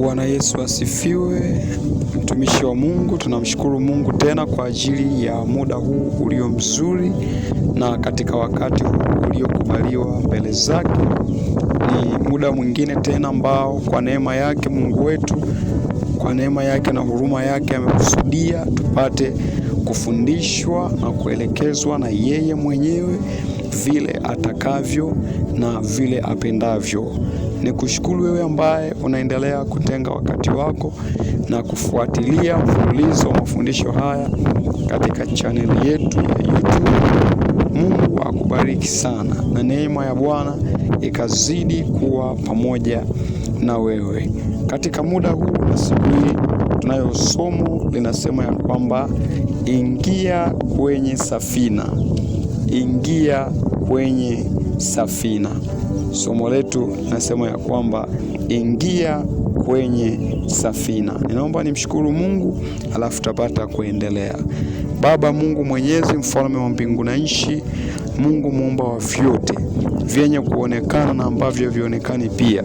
Bwana Yesu asifiwe. Mtumishi wa Mungu, tunamshukuru Mungu tena kwa ajili ya muda huu ulio mzuri na katika wakati huu uliokubaliwa mbele zake. Ni muda mwingine tena ambao kwa neema yake Mungu wetu, kwa neema yake na huruma yake amekusudia tupate kufundishwa na kuelekezwa na yeye mwenyewe vile atakavyo na vile apendavyo ni kushukuru wewe ambaye unaendelea kutenga wakati wako na kufuatilia mfululizo wa mafundisho haya katika chaneli yetu ya YouTube. Mungu akubariki sana na neema ya Bwana ikazidi kuwa pamoja na wewe katika muda huu na siku hii tunayo somo linasema ya kwamba ingia kwenye safina, ingia kwenye safina somo letu nasema ya kwamba ingia kwenye safina. Ninaomba nimshukuru Mungu alafu tapata kuendelea. Baba Mungu Mwenyezi, mfalme wa mbingu na nchi, Mungu muumba wa vyote vyenye kuonekana na ambavyo havionekani pia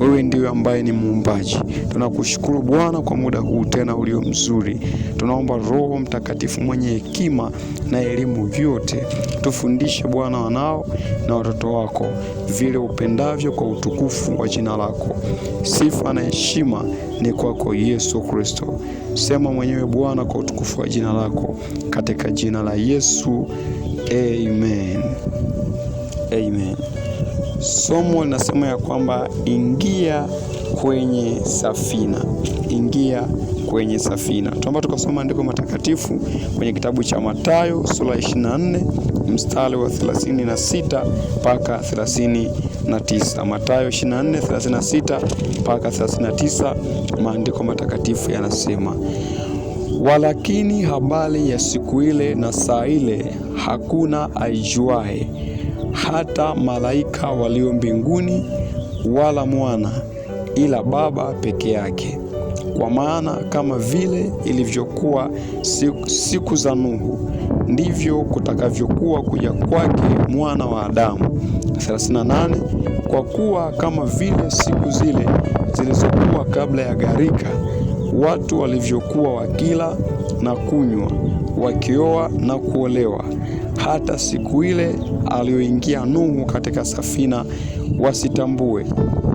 wewe ndiwe ambaye ni muumbaji. Tunakushukuru Bwana kwa muda huu tena ulio mzuri. Tunaomba Roho Mtakatifu mwenye hekima na elimu vyote, tufundishe Bwana wanao na watoto wako vile upendavyo, kwa utukufu wa jina lako. Sifa na heshima ni kwako Yesu Kristo. Sema mwenyewe Bwana, kwa utukufu wa jina lako, katika jina la Yesu, amen. Amen. Somo linasema ya kwamba ingia kwenye safina, ingia kwenye safina. Tuomba tukasoma maandiko matakatifu kwenye kitabu cha Mathayo sura 24 mstari wa 36 mpaka 39. Mathayo 24 36 mpaka 39, maandiko matakatifu yanasema walakini habari ya siku ile na saa ile hakuna aijuae hata malaika walio mbinguni, wala mwana, ila Baba peke yake. Kwa maana kama vile ilivyokuwa siku, siku za Nuhu, ndivyo kutakavyokuwa kuja kwake mwana wa Adamu. 38 Kwa kuwa kama vile siku zile zilizokuwa kabla ya gharika, watu walivyokuwa wakila na kunywa, wakioa na kuolewa hata siku ile aliyoingia Nuhu katika safina wasitambue,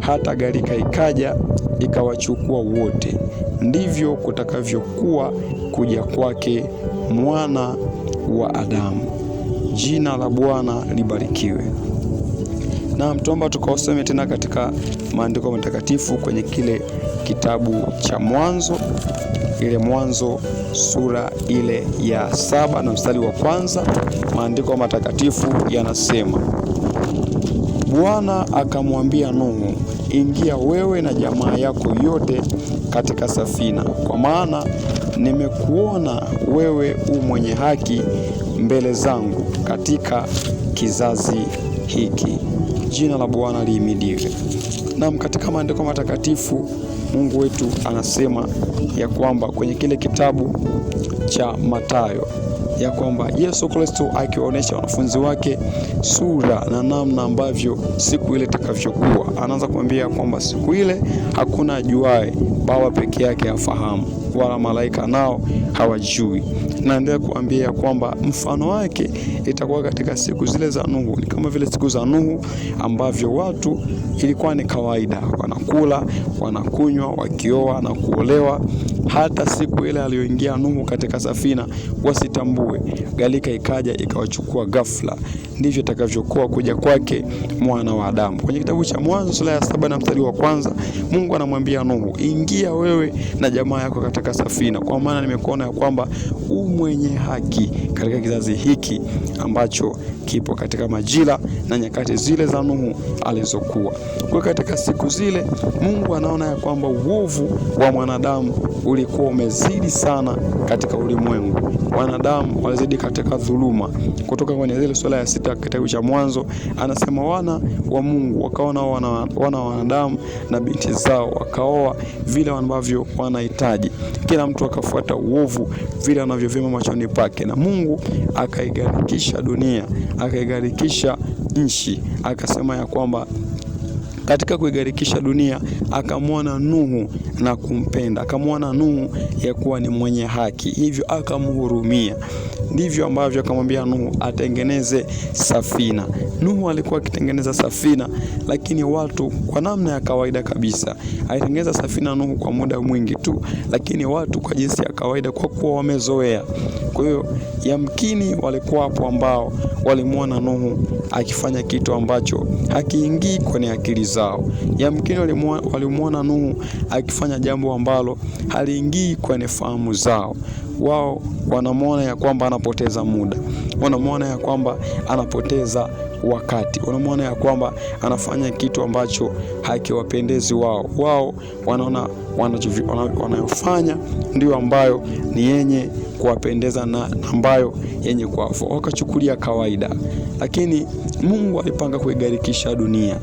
hata gharika ikaja ikawachukua wote. Ndivyo kutakavyokuwa kuja kwake mwana wa Adamu. Jina la Bwana libarikiwe. Na tuomba tukaosome tena katika maandiko matakatifu kwenye kile kitabu cha Mwanzo ile Mwanzo sura ile ya saba na mstari wa kwanza, maandiko matakatifu yanasema, Bwana akamwambia Nuhu, ingia wewe na jamaa yako yote katika safina, kwa maana nimekuona wewe u mwenye haki mbele zangu katika kizazi hiki. Jina la Bwana lihimidiwe. Naam, katika maandiko matakatifu Mungu wetu anasema ya kwamba kwenye kile kitabu cha Mathayo ya kwamba Yesu Kristo akiwaonyesha wanafunzi wake sura na namna ambavyo siku ile itakavyokuwa, anaanza kuambia kwamba siku ile hakuna ajuaye, Baba peke yake afahamu wala malaika nao hawajui. Naendelea kuambia kwamba mfano wake itakuwa katika siku zile za Nuhu, ni kama vile siku za Nuhu ambavyo watu ilikuwa ni kawaida, wanakula wanakunywa, wakioa na kuolewa. Hata siku ile aliyoingia Nuhu katika safina wasitambue, galika ikaja ikawachukua ghafla ndivyo itakavyokuwa kuja kwake mwana wa Adamu. Kwenye kitabu cha Mwanzo sura ya saba na mstari wa kwanza Mungu anamwambia Nuhu, ingia wewe na jamaa yako katika safina, kwa maana nimekuona ya kwamba u mwenye haki katika kizazi hiki ambacho kipo katika majira na nyakati zile za Nuhu alizokuwa. Kwa katika siku zile Mungu anaona ya kwamba uovu wa mwanadamu ulikuwa umezidi sana katika ulimwengu, wanadamu walizidi katika dhuluma, kutoka kwenye zile sura ya sita katika kitabu cha Mwanzo, anasema wana wa Mungu wakaona wana wana wa wanadamu na binti zao wakaoa vile ambavyo wanahitaji, kila mtu akafuata uovu vile anavyovyema machoni pake, na Mungu akaigarikisha dunia, akaigarikisha nchi, akasema ya kwamba katika kuigarikisha dunia akamwona Nuhu na kumpenda, akamwona Nuhu ya kuwa ni mwenye haki, hivyo akamhurumia ndivyo ambavyo akamwambia Nuhu atengeneze safina. Nuhu alikuwa akitengeneza safina, lakini watu kwa namna ya kawaida kabisa. Alitengeneza safina Nuhu kwa muda mwingi tu, lakini watu kwa jinsi ya kawaida, kwa kuwa wamezoea. Kwa hiyo yamkini walikuwa hapo ambao walimwona Nuhu akifanya kitu ambacho hakiingii kwenye akili zao. Yamkini walimwona Nuhu akifanya jambo ambalo haliingii kwenye fahamu zao wao wanamwona ya kwamba anapoteza muda, wanamwona ya kwamba anapoteza wakati, wanamwona ya kwamba anafanya kitu ambacho hakiwapendezi wao. Wao wanaona wanayofanya ndiyo ambayo ni yenye kuwapendeza na ambayo yenye kuwafaa, wakachukulia kawaida, lakini Mungu alipanga kuigarikisha dunia.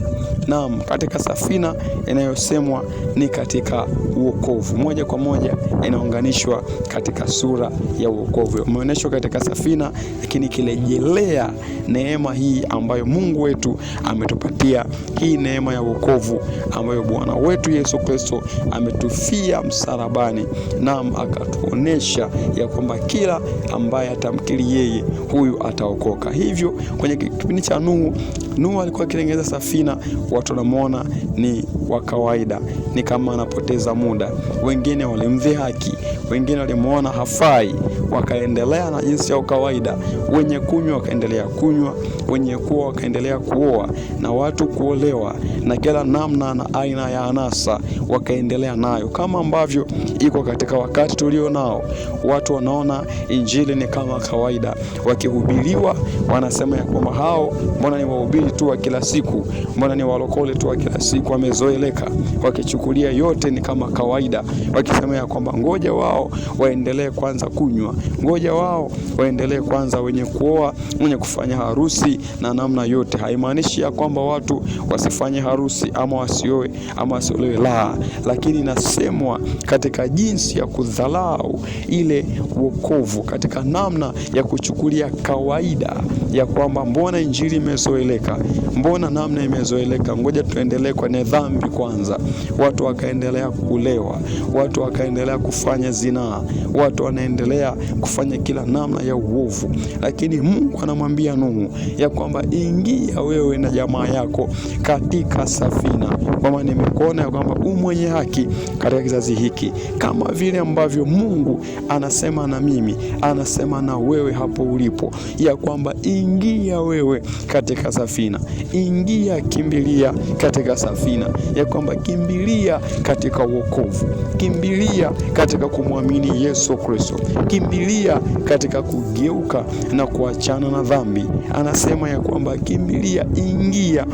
Naam, katika safina inayosemwa ni katika uokovu, moja kwa moja inaunganishwa katika sura ya uokovu, umeonyeshwa katika safina, lakini ikirejelea neema hii ambayo Mungu wetu ametupatia, hii neema ya uokovu ambayo Bwana wetu Yesu Kristo ame akatufia msalabani, nam akatuonesha ya kwamba kila ambaye atamkiri yeye huyu ataokoka. Hivyo kwenye kipindi cha Nuhu, Nuhu alikuwa akitengeneza safina, watu wanamwona ni wa kawaida, ni kama anapoteza muda. Wengine walimdhihaki, wengine walimwona hafai, wakaendelea na jinsi ya kawaida. Wenye kunywa wakaendelea kunywa, wenye kuoa wakaendelea kuoa, na watu kuolewa na kila namna na aina ya anasa wakaendelea na nayo, kama ambavyo iko katika wakati tulio nao. Watu wanaona injili ni kama kawaida, wakihubiriwa wanasema ya kwamba hao, mbona ni wahubiri tu wa kila siku, mbona ni walokole tu wa kila siku, wamezoeleka, wakichukulia yote ni kama kawaida, wakisema ya kwamba ngoja wao waendelee kwanza kunywa, ngoja wao waendelee kwanza wenye kuoa, wenye kufanya harusi na namna yote. Haimaanishi ya kwamba watu wasifanye harusi ama wasioe ama wasiolewe, la, lakini na kusemwa katika jinsi ya kudhalau ile wokovu, katika namna ya kuchukulia kawaida ya kwamba mbona injili imezoeleka, mbona namna imezoeleka, ngoja tuendelee kwenye dhambi kwanza. Watu wakaendelea kulewa, watu wakaendelea kufanya zinaa, watu wanaendelea kufanya kila namna ya uovu, lakini Mungu anamwambia Nuhu ya kwamba ingia wewe na jamaa yako katika safina, kwa maana nimekuona ya kwamba u mwenye haki katika kizazi hiki, kama vile ambavyo Mungu anasema na mimi, anasema na wewe hapo ulipo, ya kwamba ingia wewe katika safina, ingia, kimbilia katika safina, ya kwamba kimbilia katika wokovu, kimbilia katika kumwamini Yesu Kristo, kimbilia katika kugeuka na kuachana na dhambi. Anasema ya kwamba kimbilia, ingia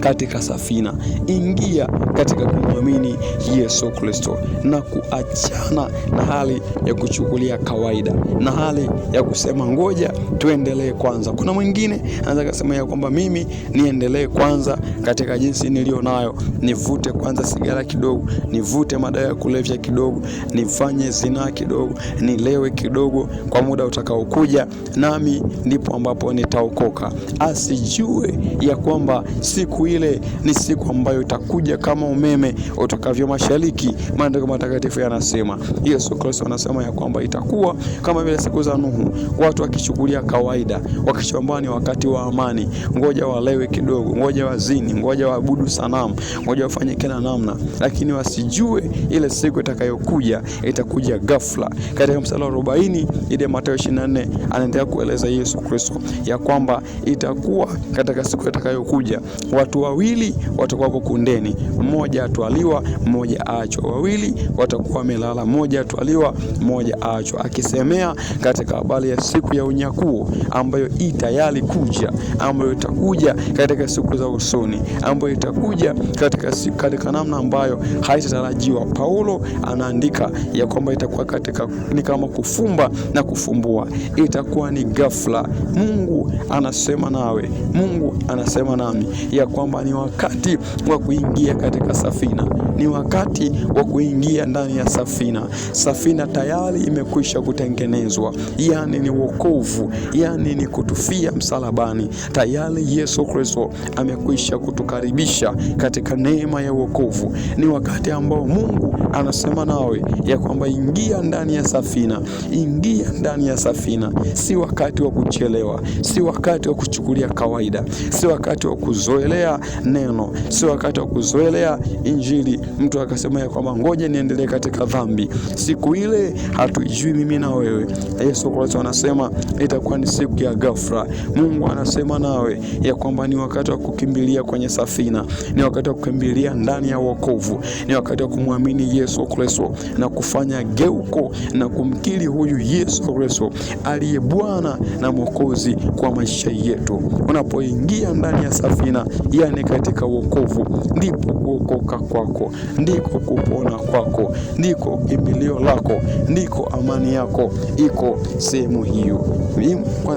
katika safina, ingia katika kumwamini Yesu Kristo na kuachana na hali ya kuchukulia kawaida na hali ya kusema ngoja tuendelee kwanza. Kuna mwingine anaweza kusema ya kwamba mimi niendelee kwanza katika jinsi niliyo nayo, nivute kwanza sigara kidogo, nivute madawa ya kulevya kidogo, nifanye zinaa kidogo, nilewe kidogo kwa muda utakaokuja, nami ndipo ambapo nitaokoka. Asijue ya kwamba siku ile ni siku ambayo itakuja kama kama umeme utokavyo mashariki. Maandiko matakatifu yanasema Yesu Kristo anasema ya kwamba itakuwa kama vile siku za Nuhu, watu wakichukulia kawaida, wakichombani wakati wa amani, ngoja walewe kidogo, ngoja wazini, ngoja waabudu sanamu, ngoja wafanye kila namna, lakini wasijue ile siku itakayokuja itakuja ghafla. Katika mstari wa 40 ile Mathayo 24 anaendelea kueleza Yesu Kristo ya kwamba itakuwa katika siku itakayokuja watu wawili watakuwa kundeni mmoja atwaliwa, mmoja aachwa. Wawili watakuwa wamelala, mmoja atwaliwa, mmoja aachwa, akisemea katika habari ya siku ya unyakuo ambayo i tayari kuja, ambayo itakuja katika siku za usoni, ambayo itakuja katika, katika namna ambayo haitatarajiwa. Paulo anaandika ya kwamba itakuwa katika ni kama kufumba na kufumbua, itakuwa ni ghafla. Mungu anasema nawe, Mungu anasema nami ya kwamba ni wakati wa kuingia katika kasafina ni wakati wa kuingia ndani ya safina. Safina tayari imekwisha kutengenezwa, yani ni wokovu, yani ni kutufia msalabani. Tayari Yesu Kristo amekwisha kutukaribisha katika neema ya wokovu. Ni wakati ambao Mungu anasema nawe ya kwamba ingia ndani ya safina, ingia ndani ya safina. Si wakati wa kuchelewa, si wakati wa kuchukulia kawaida, si wakati wa kuzoelea neno, si wakati wa kuzoelea Injili, mtu akasema ya kwamba ngoja niendelee katika dhambi. Siku ile hatuijui mimi na wewe. Yesu Kristo anasema itakuwa ni siku ya ghafla. Mungu anasema nawe ya kwamba ni wakati wa kukimbilia kwenye safina, ni wakati wa kukimbilia ndani ya wokovu, ni wakati wa kumwamini Yesu Kristo na kufanya geuko na kumkiri huyu Yesu Kristo aliye Bwana na Mwokozi kwa maisha yetu. Unapoingia ndani ya safina, yani katika wokovu, ndipo kuokoka kwako ndiko kupona kwako, ndiko kimbilio lako, ndiko amani yako iko sehemu hiyo.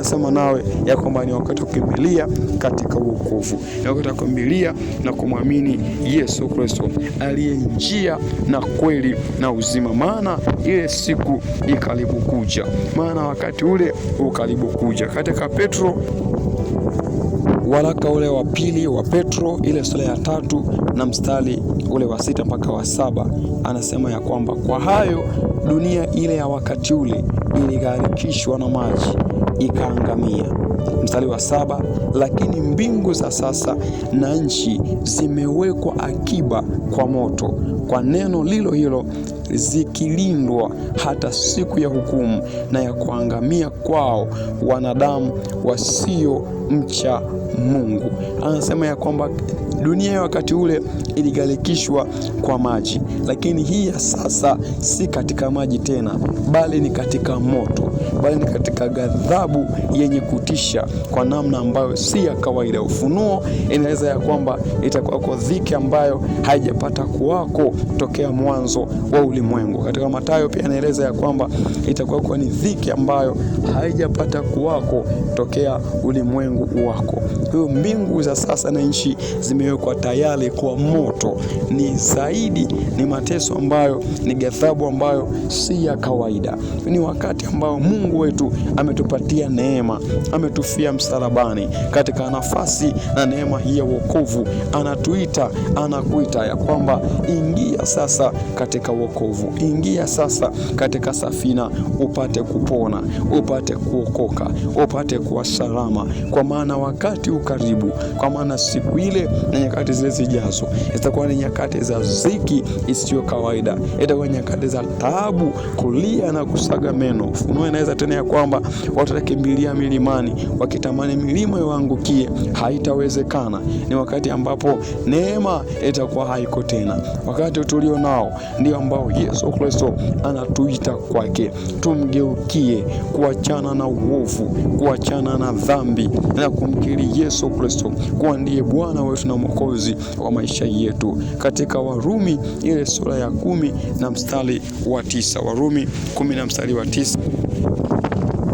sema nawe ya kwamba ni wakati wa kukimbilia katika wokovu, ni wakati wa kukimbilia na kumwamini Yesu Kristo aliye njia na kweli na uzima, maana ile siku ikaribu kuja, maana wakati ule ukaribu kuja. Katika Petro waraka ule wa pili wa Petro ile sura ya tatu na mstari ule wa sita mpaka wa saba anasema ya kwamba kwa hayo dunia ile ya wakati ule iligharikishwa na maji ikaangamia mstari wa saba, lakini mbingu za sasa na nchi zimewekwa akiba kwa moto, kwa neno lilo hilo, zikilindwa hata siku ya hukumu na ya kuangamia kwao wanadamu wasiomcha Mungu. Anasema ya kwamba dunia ya wakati ule iligharikishwa kwa maji, lakini hii ya sasa si katika maji tena, bali ni katika moto bali ni katika ghadhabu yenye kutisha kwa namna ambayo si ya kawaida. Ufunuo inaeleza ya kwamba itakuwako dhiki ambayo haijapata kuwako tokea mwanzo wa ulimwengu. Katika Mathayo pia inaeleza ya kwamba itakuwako ni dhiki ambayo haijapata kuwako tokea ulimwengu wako. Hiyo mbingu za sasa na nchi zimewekwa tayari kwa moto. Ni zaidi, ni mateso ambayo ni ghadhabu ambayo si ya kawaida. Ni wakati ambao Mungu Mungu wetu ametupatia neema, ametufia msalabani. Katika nafasi na neema hii ya wokovu, anatuita anakuita ya kwamba ingia sasa katika wokovu, ingia sasa katika safina, upate kupona, upate kuokoka, upate kuwa salama, kwa maana wakati ukaribu, kwa maana siku ile na nyakati zile zijazo zitakuwa ni nyakati za ziki isiyo kawaida, itakuwa nyakati za taabu, kulia na kusaga meno. Ufunuo inaweza tena ya kwamba watakimbilia milimani wakitamani milima iwaangukie, haitawezekana. Ni wakati ambapo neema itakuwa haiko tena. Wakati tulio nao ndio ambao Yesu Kristo anatuita kwake, tumgeukie, kuachana na uovu, kuachana na dhambi na kumkiri Yesu Kristo kuwa ndiye Bwana wetu na Mwokozi wa maisha yetu, katika Warumi ile sura ya kumi na mstari wa tisa. Warumi kumi na mstari wa tisa.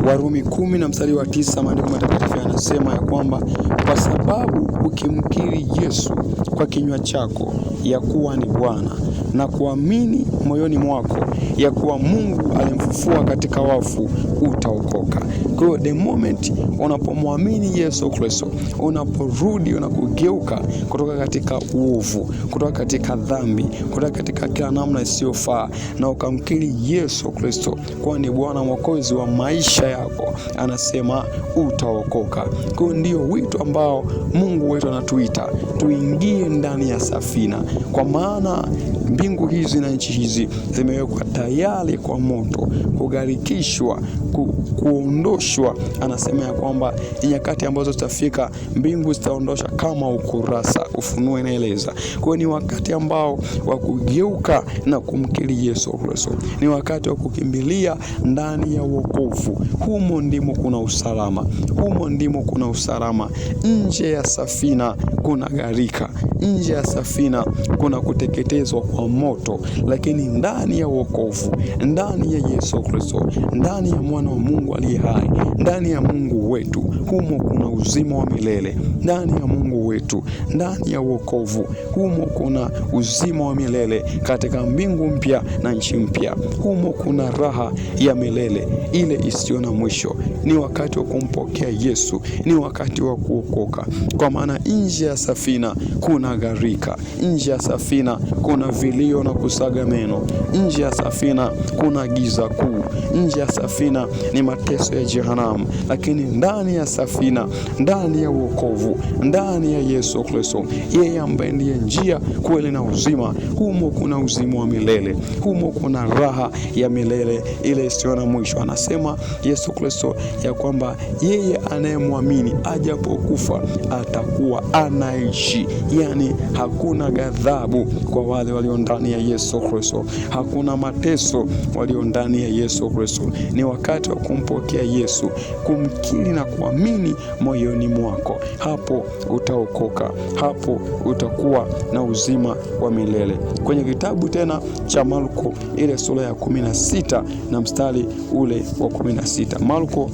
Warumi kumi na mstari wa tisa maandiko matakatifu yanasema ya kwamba kwa sababu ukimkiri Yesu kwa kinywa chako ya kuwa ni Bwana na kuamini moyoni mwako ya kuwa Mungu alimfufua katika wafu, utaokoka. Kwa hiyo the moment unapomwamini Yesu Kristo, unaporudi, unakugeuka kutoka katika uovu, kutoka katika dhambi, kutoka katika kila namna isiyofaa, na ukamkiri Yesu Kristo kuwa ni Bwana Mwokozi wa maisha yako, anasema utaokoka. Kwa hiyo ndio wito ambao Mungu wetu anatuita tuingie ndani ya safina, kwa maana Mbingu hizi na nchi hizi zimewekwa tayari kwa moto kugharikishwa, ku, kuondoshwa. Anasema ya kwamba nyakati ambazo zitafika, mbingu zitaondosha kama ukurasa. Ufunuo inaeleza. Kwa hiyo ni wakati ambao wa kugeuka na kumkiri Yesu Kristo, ni wakati wa kukimbilia ndani ya wokovu. Humo ndimo kuna usalama, humo ndimo kuna usalama. Nje ya safina kuna gharika, nje ya safina kuna kuteketezwa wa moto, lakini ndani ya wokovu, ndani ya Yesu Kristo, ndani ya mwana wa Mungu aliye hai, ndani ya Mungu wetu, humo kuna uzima wa milele ndani ya Mungu wetu. Ndani ya wokovu humo kuna uzima wa milele katika mbingu mpya na nchi mpya. Humo kuna raha ya milele ile isiyo na mwisho. Ni wakati wa kumpokea Yesu, ni wakati wa kuokoka, kwa maana nje ya safina kuna gharika, nje ya safina kuna vilio na kusaga meno, nje ya safina kuna giza kuu, nje ya safina ni mateso ya jehanamu, lakini ndani ya safina, ndani ya wokovu, ndani ya Yesu Kristo, yeye ambaye ndiye njia, kweli na uzima. Humo kuna uzima wa milele, humo kuna raha ya milele ile isiyo na mwisho. Anasema Yesu Kristo ya kwamba yeye anayemwamini ajapokufa atakuwa anaishi, yaani hakuna ghadhabu kwa wale walio ndani ya Yesu Kristo, hakuna mateso walio ndani ya Yesu Kristo. Ni wakati wa kumpokea Yesu, kumkiri na kuamini moyoni mwako, hapo utao utaokoka, hapo utakuwa na uzima wa milele. Kwenye kitabu tena cha Marko ile sura ya 16 na mstari ule wa 16, Marko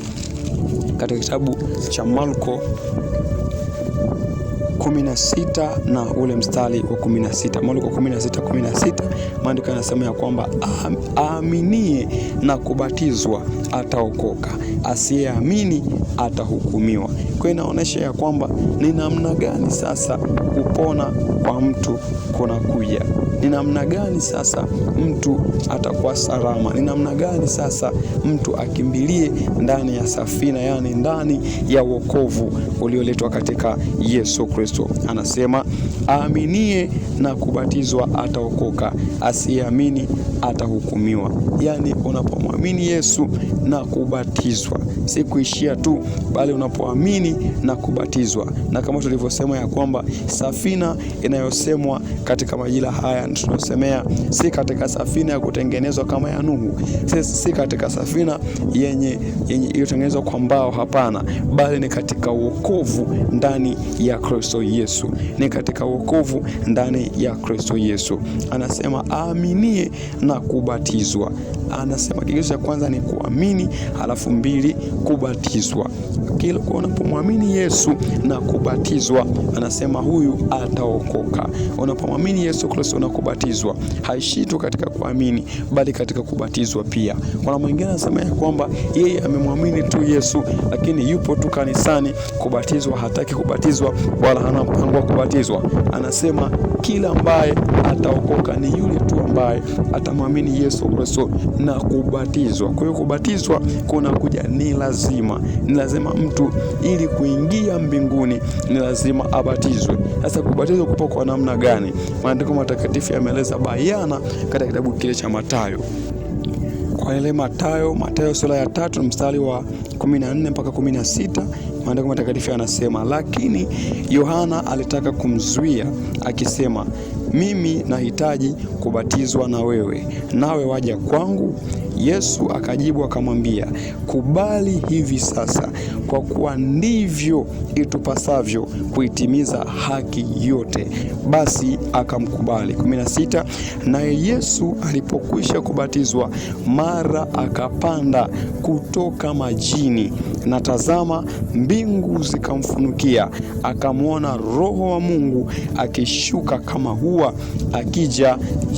katika kitabu cha Marko 16 na ule mstari wa 16. kumi 16 16, maandiko yanasema ya kwamba aaminie na kubatizwa ataokoka, asiyeamini atahukumiwa. Kwa hiyo inaonyesha ya kwamba ni namna gani sasa kupona kwa mtu kunakuja ni namna gani sasa mtu atakuwa salama, ni namna gani sasa mtu akimbilie ndani ya safina, yaani ndani ya wokovu ulioletwa katika Yesu Kristo. Anasema aaminie na kubatizwa ataokoka, asiyeamini atahukumiwa. Yaani, unapomwamini Yesu na kubatizwa, si kuishia tu, bali unapoamini na kubatizwa, na kama tulivyosema ya kwamba safina inayosemwa katika majira haya tunayosemea si katika safina ya kutengenezwa kama ya Nuhu, si, si katika safina yenye yenye iliyotengenezwa kwa mbao, hapana, bali ni katika wokovu ndani ya Kristo Yesu, ni katika wokovu ndani ya Kristo Yesu. Anasema aaminie na na kubatizwa anasema kigezo cha kwanza ni kuamini, halafu mbili kubatizwa. Kila unapomwamini Yesu na kubatizwa, anasema huyu ataokoka. Unapomwamini Yesu Kristo na kubatizwa, haishii tu katika kuamini, bali katika kubatizwa pia. Kuna mwingine anasema ya kwamba yeye amemwamini tu Yesu, lakini yupo tu kanisani, kubatizwa hataki kubatizwa, wala hana mpango wa kubatizwa. Anasema kila ambaye ataokoka ni yule tu ambaye atamwamini Yesu Kristo na kubatizwa. Kwa hiyo kubatizwa kunakuja ni lazima, ni lazima mtu ili kuingia mbinguni ni lazima abatizwe. Sasa kubatizwa kupo kwa namna gani? Maandiko matakatifu yameeleza bayana katika kitabu kile cha Mathayo kwa ile Mathayo Mathayo sura ya tatu mstari wa 14 mpaka 16, maandiko matakatifu yanasema, lakini Yohana alitaka kumzuia akisema mimi nahitaji kubatizwa na wewe, nawe waja kwangu? Yesu akajibu akamwambia, kubali hivi sasa, kwa kuwa ndivyo itupasavyo kuitimiza haki yote. Basi akamkubali. 16 Naye Yesu alipokwisha kubatizwa, mara akapanda kutoka majini, na tazama, mbingu zikamfunukia, akamwona Roho wa Mungu akishuka kama hua akija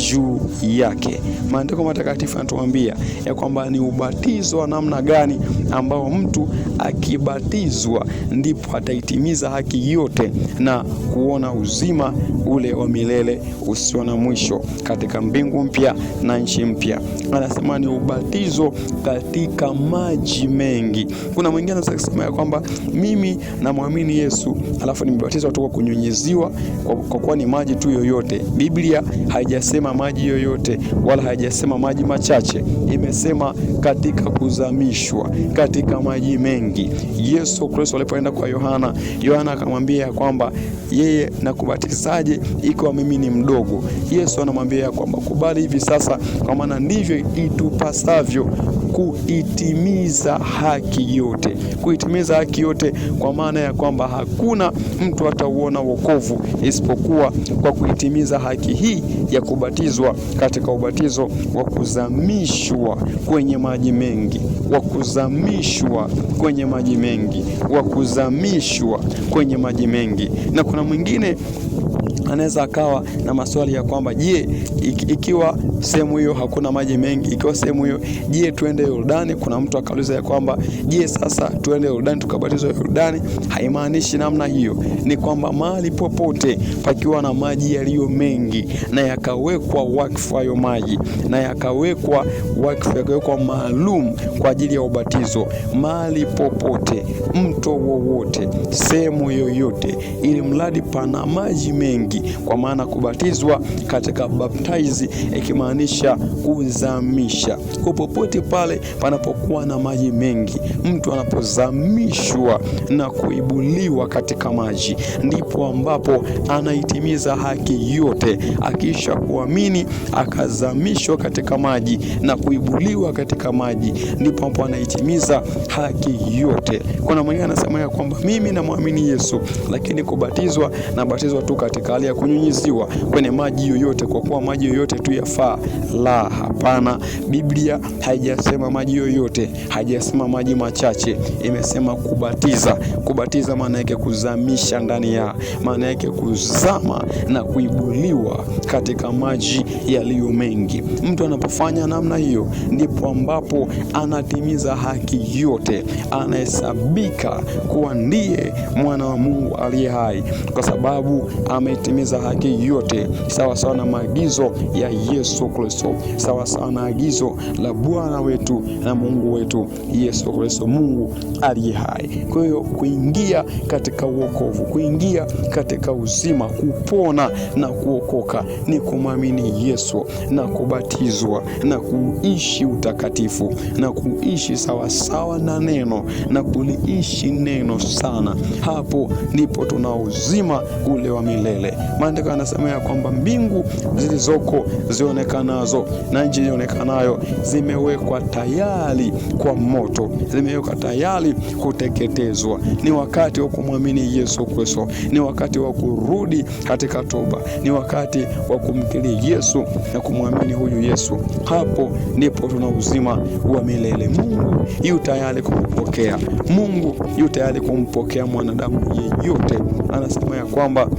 juu yake. Maandiko matakatifu yanatuambia ya kwamba ni ubatizo wa namna gani ambao mtu akibatizwa ndipo ataitimiza haki yote na kuona uzima ule wa milele usio na mwisho katika mbingu mpya na nchi mpya. Anasema ni ubatizo katika maji mengi. Kuna mwingine anaweza kusema ya kwamba mimi namwamini Yesu alafu nimebatizwa tu kwa kunyunyiziwa, kwa kuwa ni maji tu yoyote. Biblia haijasema maji yoyote wala haijasema maji machache imesema katika kuzamishwa katika maji mengi. Yesu Kristo alipoenda kwa Yohana, Yohana akamwambia kwamba yeye nakubatizaje ikiwa mimi ni mdogo? Yesu anamwambia kwamba kubali hivi sasa, kwa maana ndivyo itupasavyo kuitimiza haki yote, kuitimiza haki yote, kwa maana ya kwamba hakuna mtu atauona wokovu isipokuwa kwa kuitimiza haki hii ya kubatizwa katika ubatizo wa kuzamishwa kwenye maji mengi, wa kuzamishwa kwenye maji mengi, wa kuzamishwa kwenye maji mengi. Na kuna mwingine anaweza akawa na maswali ya kwamba je, ikiwa sehemu hiyo hakuna maji mengi. Ikiwa sehemu hiyo, je, tuende Yordani? Kuna mtu akauliza ya kwamba je, sasa tuende Yordani tukabatizwa Yordani? Haimaanishi namna hiyo, ni kwamba mahali popote pakiwa na maji yaliyo mengi na yakawekwa wakfu hayo maji na yakawekwa wakfu, yakawekwa maalum kwa ajili ya ubatizo, mahali popote, mto wowote, sehemu yoyote, ili mradi pana maji mengi, kwa maana kubatizwa katika baptize ikimaanisha kumaanisha kuzamisha. Kwa popote pale panapokuwa na maji mengi, mtu anapozamishwa na kuibuliwa katika maji, ndipo ambapo anaitimiza haki yote. Akiisha kuamini akazamishwa katika maji na kuibuliwa katika maji, ndipo ambapo anaitimiza haki yote. Kuna mwingine anasema ya kwamba mimi namwamini Yesu, lakini kubatizwa, nabatizwa tu katika hali ya kunyunyiziwa kwenye maji yoyote, kwa kuwa maji yoyote tu yafaa. La, hapana. Biblia haijasema maji yoyote, haijasema maji machache, imesema kubatiza. Kubatiza maana yake kuzamisha ndani ya, maana yake kuzama na kuibuliwa katika maji yaliyo mengi. Mtu anapofanya namna hiyo, ndipo ambapo anatimiza haki yote, anahesabika kuwa ndiye mwana wa Mungu aliye hai, kwa sababu ametimiza haki yote sawa sawa na maagizo ya Yesu Kristo, sawa sawa na agizo la Bwana wetu na Mungu wetu Yesu Kristo, Mungu aliye hai. Kwa hiyo kuingia katika uokovu, kuingia katika uzima, kupona na kuokoka ni kumwamini Yesu na kubatizwa na kuishi utakatifu na kuishi sawasawa sawa na neno na kuliishi neno sana. Hapo ndipo tuna uzima ule wa milele. Maandiko yanasema ya kwamba mbingu zilizoko zionekana zionekanazo na nchi ionekanayo zimewekwa tayari kwa moto, zimewekwa tayari kuteketezwa. Ni wakati wa kumwamini Yesu Kristo, ni wakati wa kurudi katika toba, ni wakati wa kumkiri Yesu na kumwamini huyu Yesu. Hapo ndipo tuna uzima wa milele. Mungu yu tayari kumpokea, Mungu yu tayari kumpokea mwanadamu yeyote. Anasema ya kwamba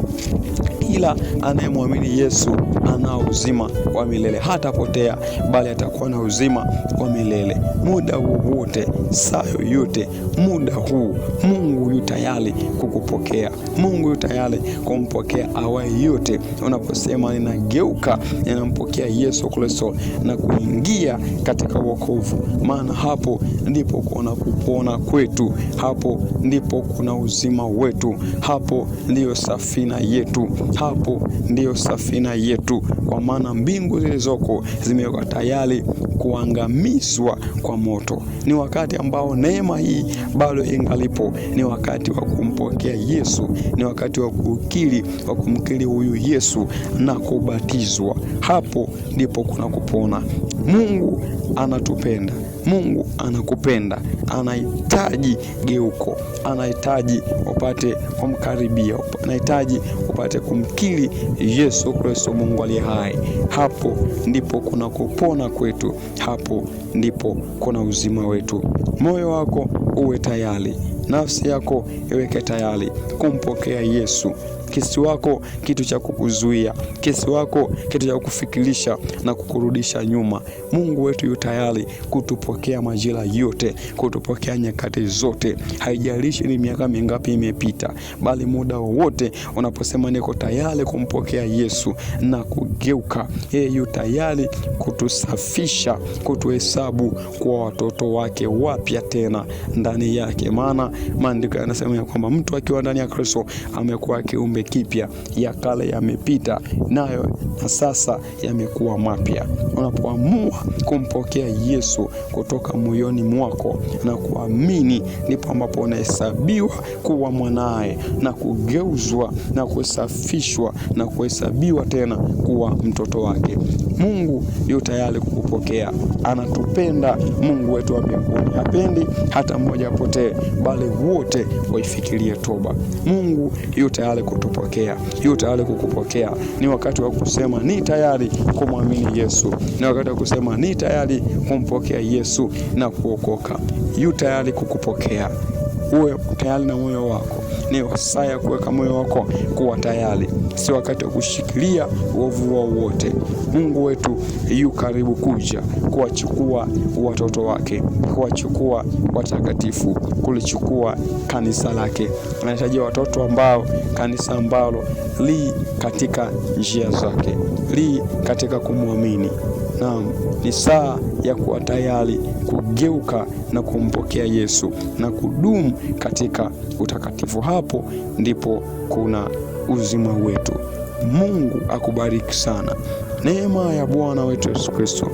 kila anayemwamini Yesu anao uzima wa milele, hatapotea bali atakuwa na uzima wa milele. Muda wowote, saa yoyote, muda huu, Mungu yu tayari kukupokea. Mungu yu tayari kumpokea awaye yote. Unaposema ninageuka, ninampokea Yesu Kristo na kuingia katika wokovu, maana hapo ndipo kuna kupona kwetu, hapo ndipo kuna uzima wetu, hapo ndiyo safina yetu hapo ndiyo safina yetu, kwa maana mbingu zilizoko zimewekwa tayari kuangamizwa kwa moto. Ni wakati ambao neema hii bado ingalipo, ni wakati wa kumpokea Yesu, ni wakati wa kukiri, wa kumkiri huyu Yesu na kubatizwa. Hapo ndipo kuna kupona. Mungu anatupenda. Mungu anakupenda, anahitaji geuko, anahitaji upate kumkaribia, anahitaji upate kumkiri Yesu Kristo, Mungu aliye hai. Hapo ndipo kuna kupona kwetu, hapo ndipo kuna uzima wetu. Moyo wako uwe tayari, nafsi yako iweke tayari kumpokea Yesu kesi wako kitu cha kukuzuia, kesi wako kitu cha kukufikirisha na kukurudisha nyuma. Mungu wetu yu tayari kutupokea majira yote, kutupokea nyakati zote, haijalishi ni miaka mingapi imepita, bali muda wowote unaposema niko tayari kumpokea Yesu na kugeuka, yeye yu tayari kutusafisha, kutuhesabu kwa watoto wake wapya tena ndani yake, maana maandiko yanasema ya kwamba mtu akiwa ndani ya Kristo amekuwa kiumbe kipya, ya kale yamepita, nayo na sasa yamekuwa mapya. Unapoamua kumpokea Yesu kutoka moyoni mwako na kuamini, ndipo ambapo unahesabiwa kuwa mwanaye na kugeuzwa na kusafishwa na kuhesabiwa tena kuwa mtoto wake. Mungu yu tayari kukupokea. Anatupenda Mungu wetu wa mbinguni, hapendi hata mmoja apotee, bali wote waifikirie toba. Mungu yu tayari kutupokea, yu tayari kukupokea. Ni wakati wa kusema ni tayari kumwamini Yesu, ni wakati wa kusema ni tayari kumpokea Yesu na kuokoka. Yu tayari kukupokea uwe tayari na moyo wako. Ni saa ya kuweka moyo wako kuwa tayari, si wakati wa kushikilia uovu wao wote. Mungu wetu yu karibu kuja kuwachukua watoto wake, kuwachukua watakatifu, kulichukua kanisa lake. Anahitaji watoto ambao, kanisa ambalo li katika njia zake, li katika kumwamini. Naam, ni saa ya kuwa tayari kugeuka na kumpokea Yesu na kudumu katika utakatifu. Hapo ndipo kuna uzima wetu. Mungu akubariki sana. Neema ya Bwana wetu Yesu Kristo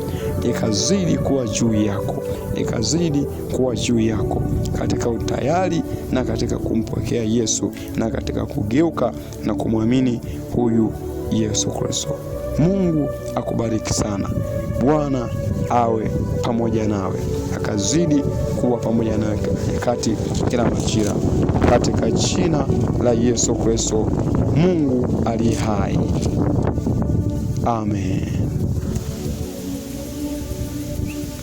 ikazidi kuwa juu yako, ikazidi kuwa juu yako katika utayari na katika kumpokea Yesu na katika kugeuka na kumwamini huyu Yesu Kristo. Mungu akubariki sana. Bwana awe pamoja nawe, akazidi kuwa pamoja nawe kati kila majira, katika jina la Yesu Kristo, Mungu aliye hai, amen.